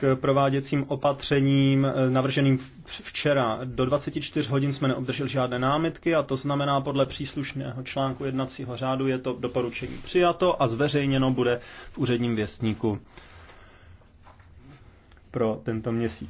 k prováděcím opatřením eh, navrženým včera. Do 24 hodin jsme neobdrželi žádné námitky a to znamená podle příslušného článku jednacího řádu je to doporučení přijato a zveřejněno bude v úředním věstníku pro tento měsíc.